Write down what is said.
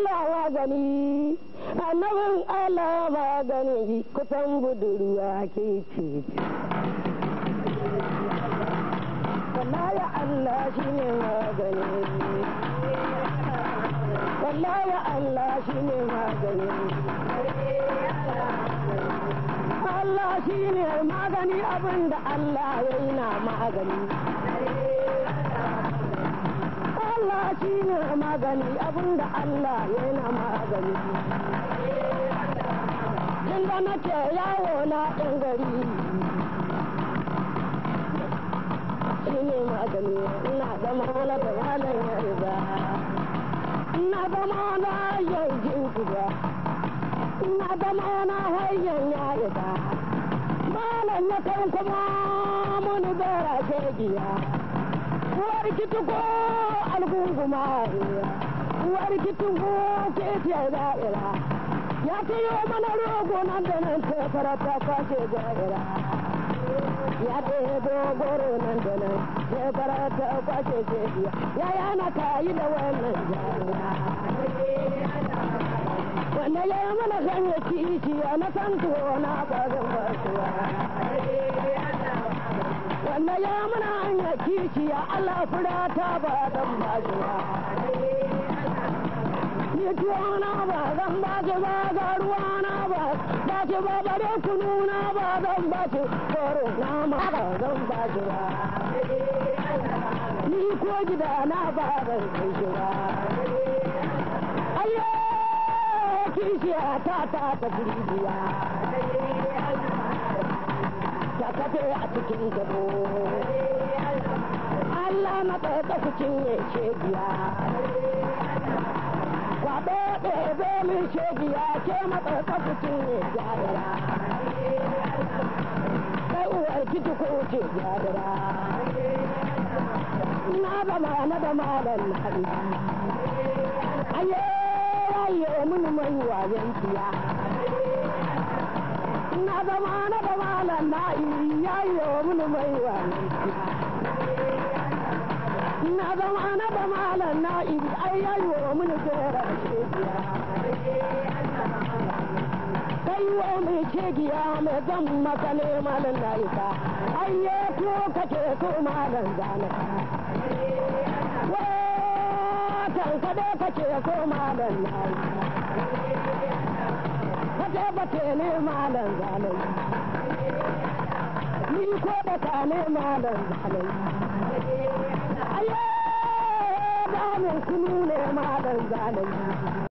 Allah magani annabin Allah magani kusan budurwa ke ce wallahi Allah shi ne magani Allah shi ne magani Allah shi ne magani abinda Allah ya yi na magani Allah shi ne magani abinda Allah yana magani. da nake yawo na ɗan gari. Shi ne magani ina da mawala da malam ya riga. Ina da na yau jinkuwa. Ina da na hanyar ya riga. Malam ya kan kuma mun bera ke giya. uwar kitugo algunguma iya uwar kitugo ke ce da'ira ya ce yi wa mana rogo nan da nan ta farata kwace da'ira ya ce dogoro nan da nan ta farata kwace jefiya ya yana kayi da wannan jami'a wanda ya yi mana kici kishiya na san tuwo na bazin basuwa wanda ya yi mana mana kishiya Allah ta ba zan ba shi ba. Yituwana ba zan ba shi ba garuwana ba ba shi ba bare kununa ba zan ba shi koro na ma ba zan ba shi ba. Ni ko gida na ba zan kai shi ba. Ayyo kishiya ta ta ta biribiya. Ta kafe a cikin gado. kwaɓe ka su cinye shegiya kwaɓe ɗebe min shegiya ke matsa ka su cinye jadara kai uwar kiti ko ce jadara na zama na da malam na aye wayo mun mai wayan kiya na zama na da malam na yayo mun mai na zama na da malam na in ai yayi wa mun tsere kai wa mai ce giya mai zan maka ne malam na isa ai ya to kake so malam zana watan ka da kake so malam na ka ce ba te ne malam zana ni ko da ka ne malam zana su ne ma dan zalunci